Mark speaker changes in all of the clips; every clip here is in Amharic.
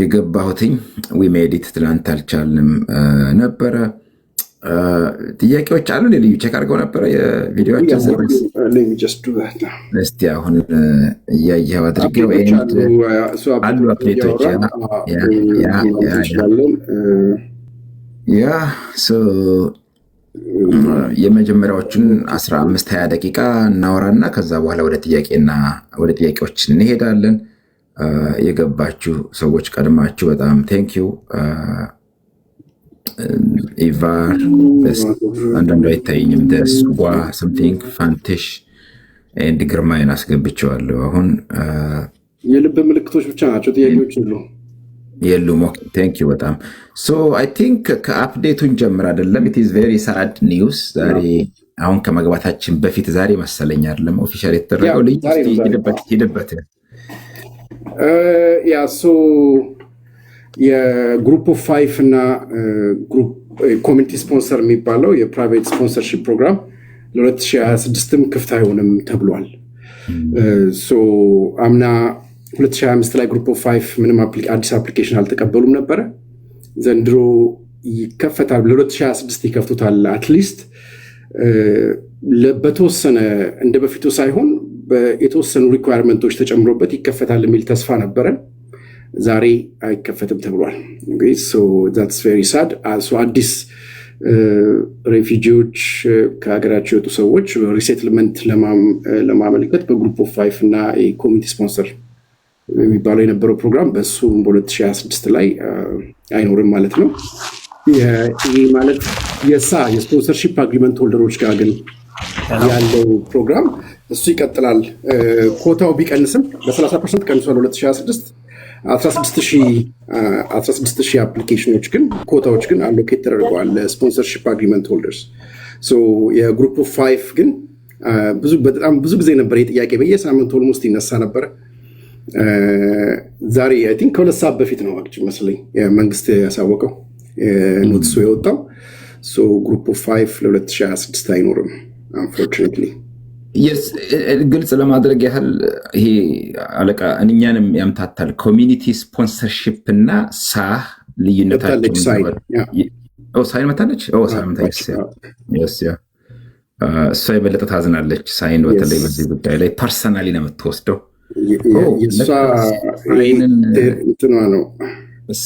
Speaker 1: የገባሁትኝ ዊሜዲት ትናንት አልቻልንም ነበረ። ጥያቄዎች አሉ። ልዩ ቼክ አድርገው ነበረ የቪዲዮችን
Speaker 2: uh,
Speaker 1: አሁን እያየው አድርገው አሉ አፕዴቶች ያ የመጀመሪያዎቹን 15 20 ደቂቃ እናወራና ከዛ በኋላ ወደ ጥያቄዎች እንሄዳለን። የገባችሁ ሰዎች ቀድማችሁ በጣም ቴንኪው። ኢቫር አንዳንዱ አይታይኝም። ደስ ጓ ሰምቲንግ ፋንቴሽ ኤንድ ግርማይን አስገብቸዋለሁ። አሁን
Speaker 2: የልብ ምልክቶች ብቻ ናቸው ጥያቄዎች የሉም።
Speaker 1: ዩ በጣም ሶ አይ ቲንክ ከአፕዴቱን ጀምር አይደለም። ኢት ኢዝ ቬሪ ሳድ ኒውስ ዛሬ አሁን ከመግባታችን በፊት ዛሬ መሰለኝ አይደለም ኦፊሻል የተደረገው ልዩ ሂድበት
Speaker 2: ያ ሶ የግሩፕ ኦፍ ፋይፍ እና ኮሚኒቲ ስፖንሰር የሚባለው የፕራይቬት ስፖንሰርሺፕ ፕሮግራም ለ2026ም ክፍት አይሆንም ተብሏል። uh, አምና 2025 ላይ ግሩፕ ኦፍ ፋይፍ ምንም አዲስ አፕሊኬሽን አልተቀበሉም ነበረ። ዘንድሮ ይከፈታል፣ ለ2026 ይከፍቱታል። አትሊስት uh, በተወሰነ እንደ በፊቱ ሳይሆን የተወሰኑ ሪኳርመንቶች ተጨምሮበት ይከፈታል የሚል ተስፋ ነበረ ዛሬ አይከፈትም ተብሏል። ሳድ uh, አዲስ ሬፊጂዎች uh, uh, ከሀገራቸው የወጡ ሰዎች ሪሴትልመንት ለማመልከት በግሩፕ ኦፍ ፋይፍ እና ኮሚኒቲ ስፖንሰር የሚባለው የነበረው ፕሮግራም በሱ በ2026 ላይ አይኖርም ማለት ነው። ይህ ማለት የሳ የስፖንሰርሺፕ አግሪመንት ሆልደሮች ጋር ግን ያለው ፕሮግራም እሱ ይቀጥላል። ኮታው ቢቀንስም በ30 ፐርሰንት ቀንሷል። 2016 16 ሺህ አፕሊኬሽኖች ግን ኮታዎች ግን አሎኬት ተደርገዋል ለስፖንሰርሽፕ አግሪመንት ሆልደርስ። የግሩፕ ኦፍ ፋይቭ ግን በጣም ብዙ ጊዜ ነበር የጥያቄ በየሳምንት ኦልሞስት ይነሳ ነበር። ዛሬ አይ ቲንክ ከሁለት ሰዓት በፊት ነው መስለኝ መንግስት ያሳወቀው ኖቲሱ የወጣው ግሩፕ ኦፍ ፋይቭ ለ2026 አይኖርም። አንፎርቹኔትሊ
Speaker 1: የስ ግልጽ ለማድረግ ያህል ይሄ አለቃ እኛንም ያምታታል። ኮሚኒቲ ስፖንሰርሽፕ እና ሳህ ልዩነታቸው ሳይን መታለች። uh, እሷ የበለጠ ታዝናለች። ሳይን በተለይ በዚህ ጉዳይ ላይ ፐርሰናሊ ነው የምትወስደው።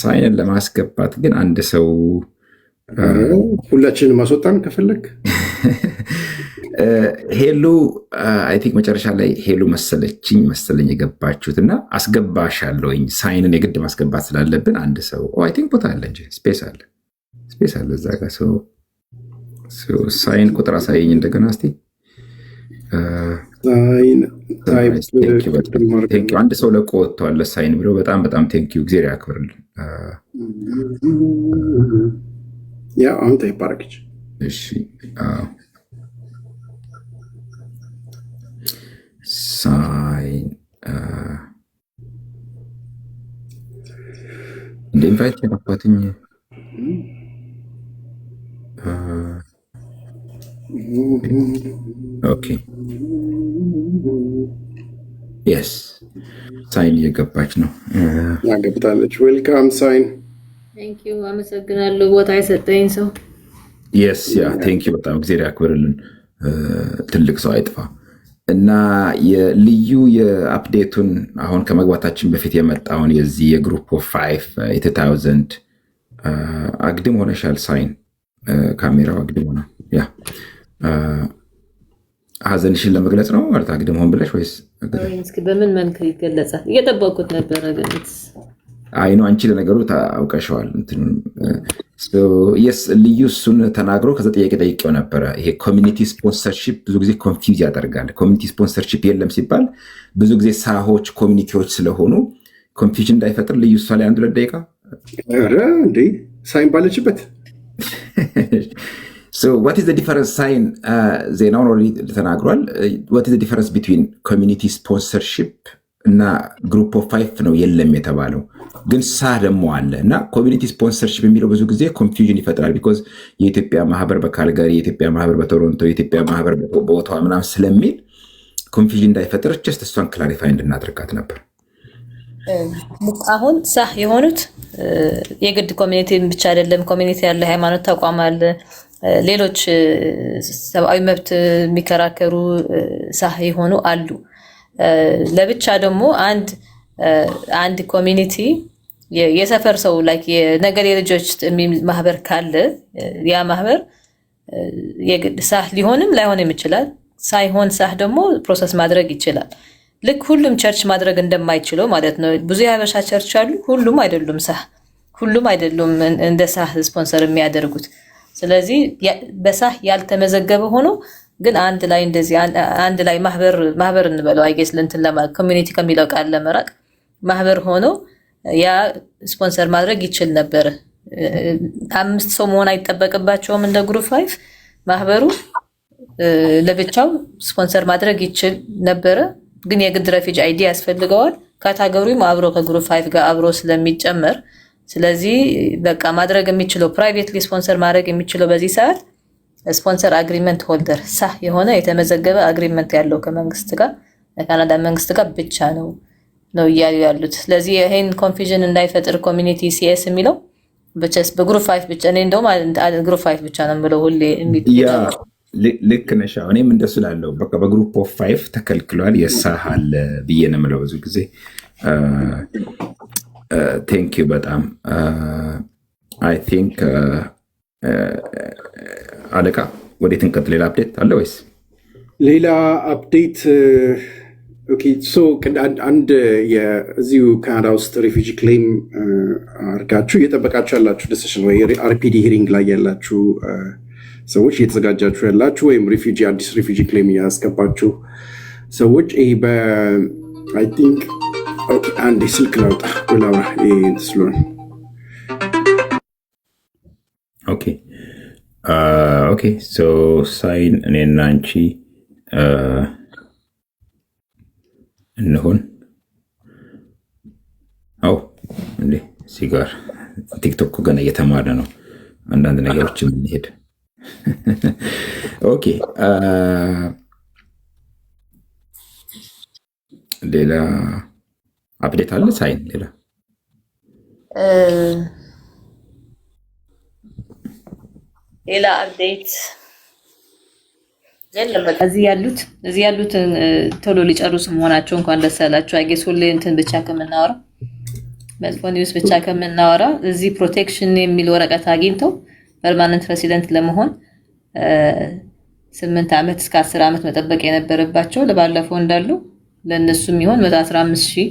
Speaker 1: ሳይንን ለማስገባት ግን አንድ ሰው
Speaker 2: ሁላችንን ማስወጣን ከፈለግ
Speaker 1: ሄሉ አይ ቲንክ መጨረሻ ላይ ሄሉ መሰለችኝ መሰለኝ የገባችሁት እና አስገባሽ አለውኝ ሳይንን የግድ ማስገባት ስላለብን አንድ ሰው አይ ቲንክ ቦታ አለ እንጂ ስፔስ አለ ስፔስ አለ እዛ ጋ ሰው ሳይን ቁጥር አሳየኝ እንደገና እስኪ። አንድ ሰው ለቆ ወጥቷል ሳይን ብሎ በጣም በጣም ቴንኪ እግዚአብሔር ያክብርልን።
Speaker 2: ያው አንተ ይባረክች።
Speaker 1: እሺ አዎ እንደ ኢንቫይት የላኳትኝ ኦኬ የስ ሳይን እየገባች ነው
Speaker 2: uh, ገብታለች። ዌልካም ሳይን
Speaker 3: ቴንኪው አመሰግናለሁ፣ ቦታ የሰጠኝ ሰው።
Speaker 1: የስ ያ ቴንኪው በጣም እግዜር ያክብርልን። uh, ትልቅ ሰው አይጥፋም። እና የልዩ የአፕዴቱን አሁን ከመግባታችን በፊት የመጣውን የዚህ የግሩፕ ኦፍ ፋይቭ የታውዘንድ አግድም ሆነሻል። ሳይን ካሜራው አግድም ሆነ ያ ሀዘንሽን ለመግለጽ ነው ማለት አግድም ሆን ብለሽ ወይስ
Speaker 3: በምን መልክ ይገለጻል? እየጠበቁት ነበረ። ግን
Speaker 1: አይኑ አንቺ ለነገሩ ታውቀሸዋል ልዩ እሱን ተናግሮ ከዛ ጥያቄ ጠይቄው ነበረ። ይሄ ኮሚኒቲ ስፖንሰርሺፕ ብዙ ጊዜ ኮንፊውዝ ያደርጋል። ኮሚኒቲ ስፖንሰርሺፕ የለም ሲባል ብዙ ጊዜ ሳሆች ኮሚኒቲዎች ስለሆኑ ኮንፊውዥን እንዳይፈጥር ልዩ እሷ ላይ አንድ ሁለት ደቂቃ
Speaker 2: እንዴ ሳይን ባለችበት
Speaker 1: ዋት ኢዝ ዘ ዲፈረንስ ሳይን ዜናውን ተናግሯል። ዋት ዘ ዲፈረንስ ቢትዊን ኮሚኒቲ ስፖንሰርሺፕ እና ግሩፕ ኦፍ ፋይፍ ነው የለም የተባለው ግን ሳ ደግሞ አለ እና ኮሚኒቲ ስፖንሰርሽፕ የሚለው ብዙ ጊዜ ኮንፊውዥን ይፈጥራል። ቢኮዝ የኢትዮጵያ ማህበር በካልጋሪ፣ የኢትዮጵያ ማህበር በቶሮንቶ፣ የኢትዮጵያ ማህበር በቦታዋ ምናምን ስለሚል ኮንፊውዥን እንዳይፈጥር ጀስት እሷን ክላሪፋይ እንድናደርጋት ነበር።
Speaker 3: አሁን ሳ የሆኑት የግድ ኮሚኒቲ ብቻ አይደለም። ኮሚኒቲ ያለ ሃይማኖት ተቋም አለ፣ ሌሎች ሰብአዊ መብት የሚከራከሩ ሳ የሆኑ አሉ። ለብቻ ደግሞ አንድ አንድ ኮሚኒቲ የሰፈር ሰው ላይክ የልጆች ማህበር ካለ ያ ማህበር የግድ ሳህ ሊሆንም ላይሆንም ይችላል። ሳይሆን ሳህ ደግሞ ፕሮሰስ ማድረግ ይችላል። ልክ ሁሉም ቸርች ማድረግ እንደማይችለው ማለት ነው። ብዙ የሀበሻ ቸርች አሉ። ሁሉም አይደሉም ሳህ ሁሉም አይደሉም እንደ ሳህ ስፖንሰር የሚያደርጉት። ስለዚህ በሳህ ያልተመዘገበ ሆኖ ግን አንድ ላይ እንደዚህ አንድ ላይ ማህበር ማህበር እንበለው አይጌስ ለእንትን ኮሚኒቲ ከሚለው ቃል ለመራቅ ማህበር ሆኖ ያ ስፖንሰር ማድረግ ይችል ነበር። አምስት ሰው መሆን አይጠበቅባቸውም። እንደ ግሩፕ ላይፍ ማህበሩ ለብቻው ስፖንሰር ማድረግ ይችል ነበረ። ግን የግድ ረፊጅ አይዲ ያስፈልገዋል። ካታጎሪም አብሮ ከግሩፕ ፋይፍ ጋር አብሮ ስለሚጨመር ስለዚህ በቃ ማድረግ የሚችለው ፕራይቬትሊ ስፖንሰር ማድረግ የሚችለው በዚህ ሰዓት ስፖንሰር አግሪመንት ሆልደር ሳ የሆነ የተመዘገበ አግሪመንት ያለው ከመንግስት ጋር ከካናዳ መንግስት ጋር ብቻ ነው ነው እያሉ ያሉት። ስለዚህ ይህን ኮንፊዥን እንዳይፈጥር ኮሚኒቲ ሲኤስ የሚለው በግሩፕ ፋይቭ ብቻ እኔ እንደውም ግሩፕ ፋይቭ ብቻ ነው የምለው ሁሌ
Speaker 1: ልክ ነሻ። እኔም እንደሱ ላለው በቃ በግሩፕ ኦፍ ፋይቭ ተከልክሏል። የሳህ አለ ብዬ ነው የምለው ብዙ ጊዜ። ቴንክ ዩ በጣም አይ ቲንክ አለቃ ወዴት እንቀጥ? ሌላ አፕዴት አለ ወይስ
Speaker 2: ሌላ አፕዴት? Uh, አንድ እዚሁ ካናዳ ውስጥ ሪፊጂ ክሌም uh, አድርጋችሁ እየጠበቃችሁ ያላችሁ ዲሲሽን ወይ አርፒዲ ሂሪንግ ላይ ያላችሁ uh, ሰዎች እየተዘጋጃችሁ ያላችሁ ወይም ሪፊጂ አዲስ ሪፊጂ ክሌም እያስገባችሁ ሰዎች ይሄ በአይ ቲንክ አንድ ስልክ ላውጣ ላውራ ስለሆነ
Speaker 1: ኦኬ ሶ ሳይን እኔና አንቺ uh, እንሆን። አዎ እንዴ ጋር ቲክቶክ ገና እየተማረ ነው። አንዳንድ ነገሮች የምንሄድ ኦኬ። uh, ሌላ አፕዴት አለ ሳይን ሌላ
Speaker 3: uh, ሌላ አፕዴት እዚህ ያሉት እዚህ ያሉት ቶሎ ሊጨርሱ መሆናቸው እንኳን ደስ ያላችሁ። አይጌስ ሁሌ እንትን ብቻ ከምናወራ መጥፎ ኒውስ ብቻ ከምናወራ እዚህ ፕሮቴክሽን የሚል ወረቀት አግኝተው ፐርማነንት ሬሲደንት ለመሆን ስምንት ዓመት እስከ አስር ዓመት መጠበቅ የነበረባቸው ለባለፈው እንዳሉ ለእነሱም ይሆን መቶ አስራ አምስት ሺህ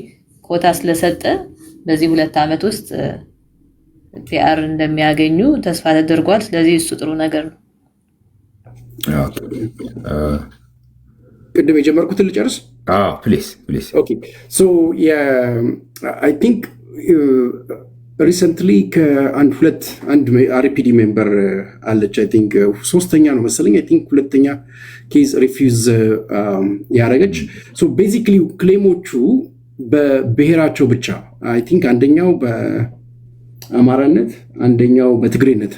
Speaker 3: ኮታ ስለሰጠ በዚህ ሁለት ዓመት ውስጥ ፒአር እንደሚያገኙ ተስፋ ተደርጓል። ስለዚህ እሱ ጥሩ ነገር ነው።
Speaker 2: ቅድም የጀመርኩትን ልጨርስ። ፕሊስ ቲንክ ሪሰንትሊ ከአንድ ሁለት አንድ አርፒዲ ሜምበር አለች። አይ ቲንክ ሶስተኛ ነው መሰለኝ። አይ ቲንክ ሁለተኛ ኬዝ ሪፊውዝ ያደረገች። ቤዚክሊ ክሌሞቹ በብሔራቸው ብቻ አይ ቲንክ አንደኛው አማራነት፣ አንደኛው በትግሬነት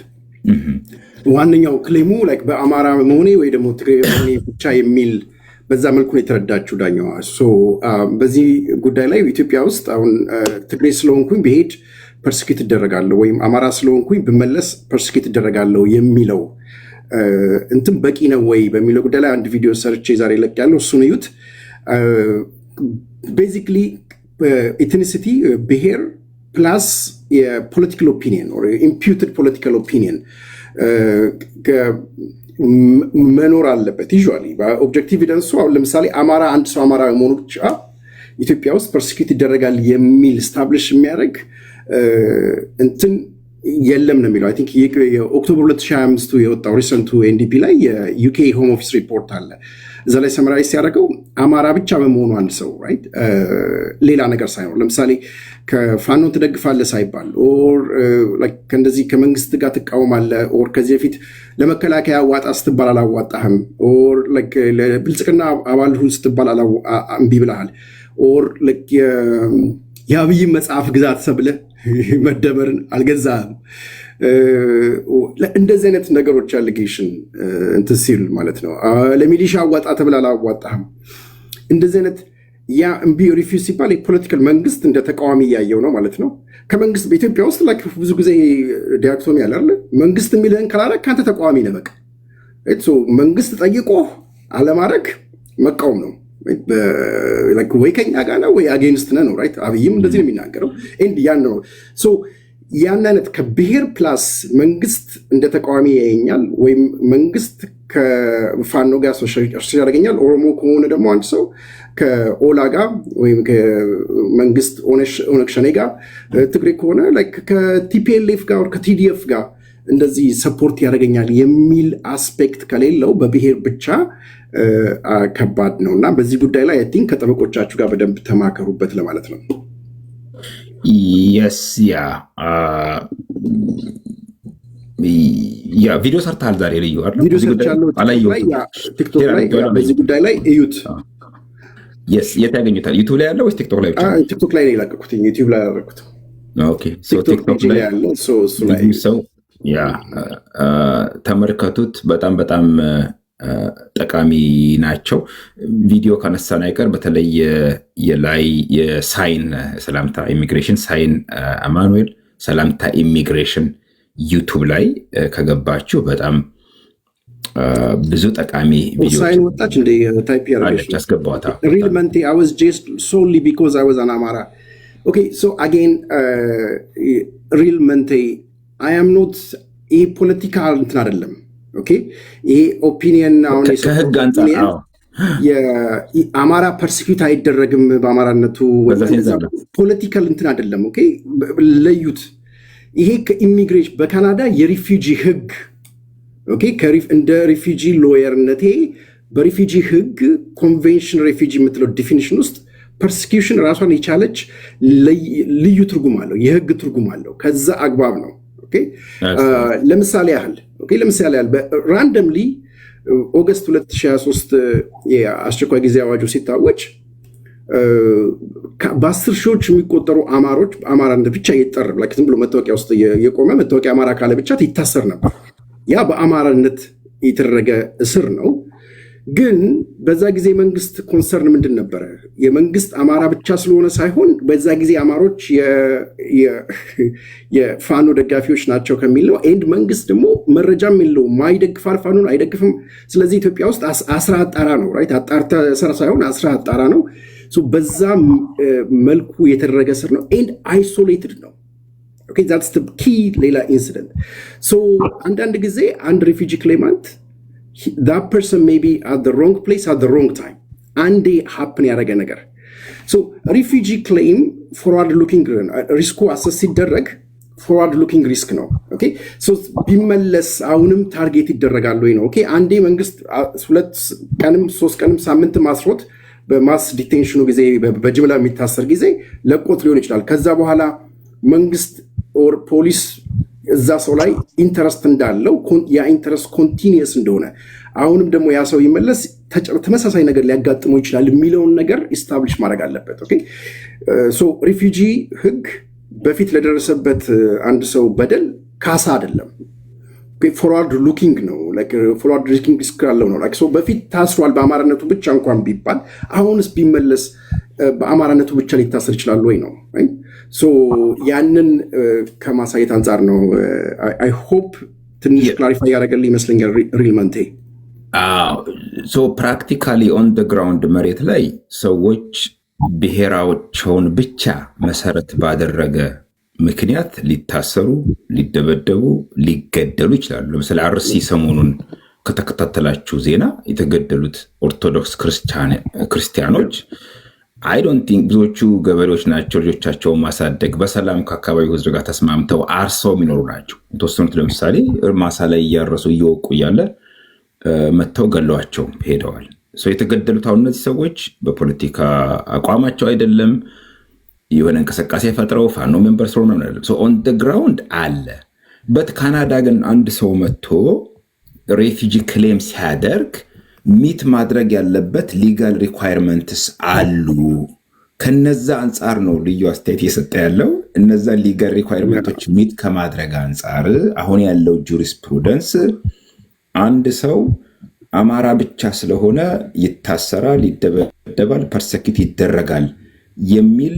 Speaker 2: ዋነኛው ክሌሙ በአማራ መሆኔ ወይ ደግሞ ትግሬ መሆኔ ብቻ የሚል በዛ መልኩ ነው የተረዳችው ዳኛዋ። uh, በዚህ ጉዳይ ላይ ኢትዮጵያ ውስጥ አሁን uh, ትግሬ ስለሆንኩኝ ብሄድ ፐርስኪት እደረጋለሁ ወይም አማራ ስለሆንኩኝ ብመለስ ፐርስኪት እደረጋለሁ የሚለው uh, እንትን በቂ ነው ወይ በሚለው ጉዳይ ላይ አንድ ቪዲዮ ሰርቼ ዛሬ ለቅ ያለው እሱን እዩት። ቤዚክሊ ኢትኒሲቲ ብሄር ፕላስ የፖለቲካል ኦፒኒየን ኢምፒውትድ ፖለቲካል ኦፒኒየን መኖር አለበት። ዩዥዋሊ በኦብጀክቲቭ ኤቪደንሱ አሁን ለምሳሌ አማራ አንድ ሰው አማራ መሆኑ ብቻ ኢትዮጵያ ውስጥ ፐርሲኪዩት ይደረጋል የሚል ስታብሊሽ የሚያደርግ uh, እንትን የለም ነው የሚለው። አይ ቲንክ የኦክቶበር 2025 የወጣው ሪሰንቱ ኤንዲፒ ላይ የዩኬ ሆም ኦፊስ ሪፖርት አለ። እዛ ላይ ሰመራይዝ ሲያደርገው አማራ ብቻ በመሆኑ አንድ ሰው ራይት ሌላ ነገር ሳይኖር ለምሳሌ ከፋኖ ትደግፋለህ ሳይባል ኦር ከእንደዚህ ከመንግስት ጋር ትቃወማለህ ኦር ከዚህ በፊት ለመከላከያ አዋጣ ስትባል አላዋጣህም ኦር ብልጽግና አባል ሁን ስትባል እምቢ ብለሃል ኦር የአብይ መጽሐፍ ግዛት ሰብለህ መደመርን አልገዛም። እንደዚህ አይነት ነገሮች አሊጌሽን እንትን ሲል ማለት ነው። ለሚሊሻ አዋጣ ተብላ አላዋጣህም። እንደዚህ አይነት ያ እምቢ ሪፊውዝ ሲባል የፖለቲካል መንግስት እንደ ተቃዋሚ እያየው ነው ማለት ነው። ከመንግስት በኢትዮጵያ ውስጥ ላይ ብዙ ጊዜ ዲያክቶሚ ያላለ መንግስት የሚልህን ካላረግ ከአንተ ተቃዋሚ ነህ። መንግስት ጠይቆ አለማድረግ መቃወም ነው። Uh, ወይ ከኛ ጋር ነው ወይ አጌንስት ነው። ራይት አብይም እንደዚህ ነው የሚናገረው። ኤንድ ያን ነው ያን አይነት ከብሔር ፕላስ መንግስት እንደ ተቃዋሚ ያየኛል ወይም መንግስት ከፋኖ ጋር ሶሻል ያደርገኛል። ኦሮሞ ከሆነ ደግሞ አንድ ሰው ከኦላ ጋር ወይም ከመንግስት ኦነግ ሸኔ ጋር፣ ትግሬ ከሆነ ከቲፒኤልኤፍ ጋር ከቲዲኤፍ ጋር እንደዚህ ሰፖርት ያደርገኛል የሚል አስፔክት ከሌለው በብሔር ብቻ ከባድ ነው እና በዚህ ጉዳይ ላይ ቲንክ ከጠበቆቻችሁ ጋር በደንብ ተማከሩበት ለማለት ነው።
Speaker 1: የስ ያ ያ ቪዲዮ ሰርተሃል ዛሬ ልዩ
Speaker 2: በዚህ ጉዳይ ላይ እዩት።
Speaker 1: የት ያገኙታል? ዩቱብ ላይ ያለው ወይስ ቲክቶክ ላይ
Speaker 2: ቲክቶክ ላይ ነው የለቀኩት። ዩቱብ ላይ ያደረኩት
Speaker 1: ቲክቶክ ላይ ያለው ሰው ያ ተመልከቱት። በጣም በጣም ጠቃሚ ናቸው። ቪዲዮ ካነሳን አይቀር በተለይ የላይ የሳይን ሰላምታ ኢሚግሬሽን ሳይን አማኑኤል ሰላምታ ኢሚግሬሽን ዩቱብ ላይ ከገባችሁ በጣም ብዙ ጠቃሚ
Speaker 2: ሳይን ወጣች እንደ
Speaker 1: ታይፕ
Speaker 2: መንቴ ጀስት ሶሊ ቢኮዝ አን አማራ ኦኬ ሶ አጌን ሪል መንቴ አያምኖት ይህ ፖለቲካ እንትን አይደለም። ኦኬ ይሄ ኦፒኒየን አሁን
Speaker 1: ከህግ አንጻር
Speaker 2: የአማራ ፐርሲኪዩት አይደረግም በአማራነቱ ፖለቲካል እንትን አይደለም። ኦኬ ለዩት። ይሄ ከኢሚግሬሽን በካናዳ የሪፊጂ ህግ እንደ ሪፊጂ ሎየርነቴ በሪፊጂ ህግ ኮንቬንሽን ሪፊጂ የምትለው ዲፊኒሽን ውስጥ ፐርሲኪዩሽን ራሷን የቻለች ልዩ ትርጉም አለው፣ የህግ ትርጉም አለው። ከዛ አግባብ ነው ለምሳሌ ያህል ለምሳሌ ያህል ራንደምሊ ኦገስት 2023 የአስቸኳይ ጊዜ አዋጁ ሲታወጅ በአስር ሺዎች የሚቆጠሩ አማሮች በአማራ ብቻ ይጠር ዝም ብሎ መታወቂያ ውስጥ የቆመ መታወቂያ አማራ ካለ ብቻ ይታሰር ነበር። ያ በአማራነት የተደረገ እስር ነው። ግን በዛ ጊዜ መንግስት ኮንሰርን ምንድን ነበረ? የመንግስት አማራ ብቻ ስለሆነ ሳይሆን በዛ ጊዜ አማሮች የፋኖ ደጋፊዎች ናቸው ከሚል ነው። ኤንድ መንግስት ደግሞ መረጃም የለውም አይደግፋል፣ ፋኖን አይደግፍም። ስለዚህ ኢትዮጵያ ውስጥ አስራ አጣራ ነው ራይት አጣርተ ሰር ሳይሆን አስራ አጣራ ነው። በዛ መልኩ የተደረገ ስር ነው። ኤንድ አይሶሌትድ ነው። ኦኬ ዛትስ ኪ ሌላ ኢንሲደንት አንዳንድ ጊዜ አንድ ሪፊጂ ክሌማንት that person may be at the wrong place at the wrong time አንዴ ሀፕን ያደረገ ነገር ሪፊጂ ክሌም ፎርዋርድ ሉኪንግ ሪስኩ አሰስ ሲደረግ ፎርዋርድ ሉኪንግ ሪስክ ነው። ቢመለስ አሁንም ታርጌት ይደረጋል ወይ ነው። አንዴ መንግስት uh, ሁለት ቀንም ሶስት ቀንም ሳምንት ማስሮት በማስ ዲቴንሽኑ ጊዜ በጅምላ የሚታሰር ጊዜ ለቆት ሊሆን ይችላል። ከዛ በኋላ መንግስት ኦር ፖሊስ እዛ ሰው ላይ ኢንተረስት እንዳለው ያ ኢንተረስት ኮንቲኒየስ እንደሆነ አሁንም ደግሞ ያ ሰው ይመለስ ተመሳሳይ ነገር ሊያጋጥመው ይችላል የሚለውን ነገር ኢስታብሊሽ ማድረግ አለበት። ሪፊጂ ህግ በፊት ለደረሰበት አንድ ሰው በደል ካሳ አይደለም፣ ፎርዋርድ ሉኪንግ ነው። ፎርዋርድ ሉኪንግ ስክራለው ነው። በፊት ታስሯል በአማርነቱ ብቻ እንኳን ቢባል አሁንስ ቢመለስ በአማራነቱ ብቻ ሊታሰር ይችላል ወይ ነው ያንን ከማሳየት አንጻር ነው። አይ ሆፕ ትንሽ ክላሪፋይ ያደረገልህ ይመስለኛል። ሪል መንቴ
Speaker 1: ፕራክቲካሊ ኦን ደ ግራውንድ መሬት ላይ ሰዎች ብሔራቸውን ብቻ መሰረት ባደረገ ምክንያት ሊታሰሩ፣ ሊደበደቡ፣ ሊገደሉ ይችላሉ። ለምሳሌ አርሲ ሰሞኑን ከተከታተላችሁ ዜና የተገደሉት ኦርቶዶክስ ክርስቲያኖች አይዶን ቲንክ ብዙዎቹ ገበሬዎች ናቸው ልጆቻቸውን ማሳደግ በሰላም ከአካባቢ ህዝብ ጋር ተስማምተው አርሰው የሚኖሩ ናቸው። የተወሰኑት ለምሳሌ ማሳ ላይ እያረሱ እየወቁ እያለ መጥተው ገለዋቸው ሄደዋል። የተገደሉት አሁን እነዚህ ሰዎች በፖለቲካ አቋማቸው አይደለም። የሆነ እንቅስቃሴ ፈጥረው ፋኖ ሜምበር ስለሆነ ኦን ግራውንድ አለ በት ካናዳ ግን አንድ ሰው መጥቶ ሬፊጂ ክሌም ሲያደርግ ሚት ማድረግ ያለበት ሊጋል ሪኳየርመንትስ አሉ። ከነዛ አንጻር ነው ልዩ አስተያየት እየሰጠ ያለው። እነዛ ሊጋል ሪኳርመንቶች ሚት ከማድረግ አንጻር አሁን ያለው ጁሪስፕሩደንስ አንድ ሰው አማራ ብቻ ስለሆነ ይታሰራል፣ ይደበደባል፣ ፐርሰኪት ይደረጋል የሚል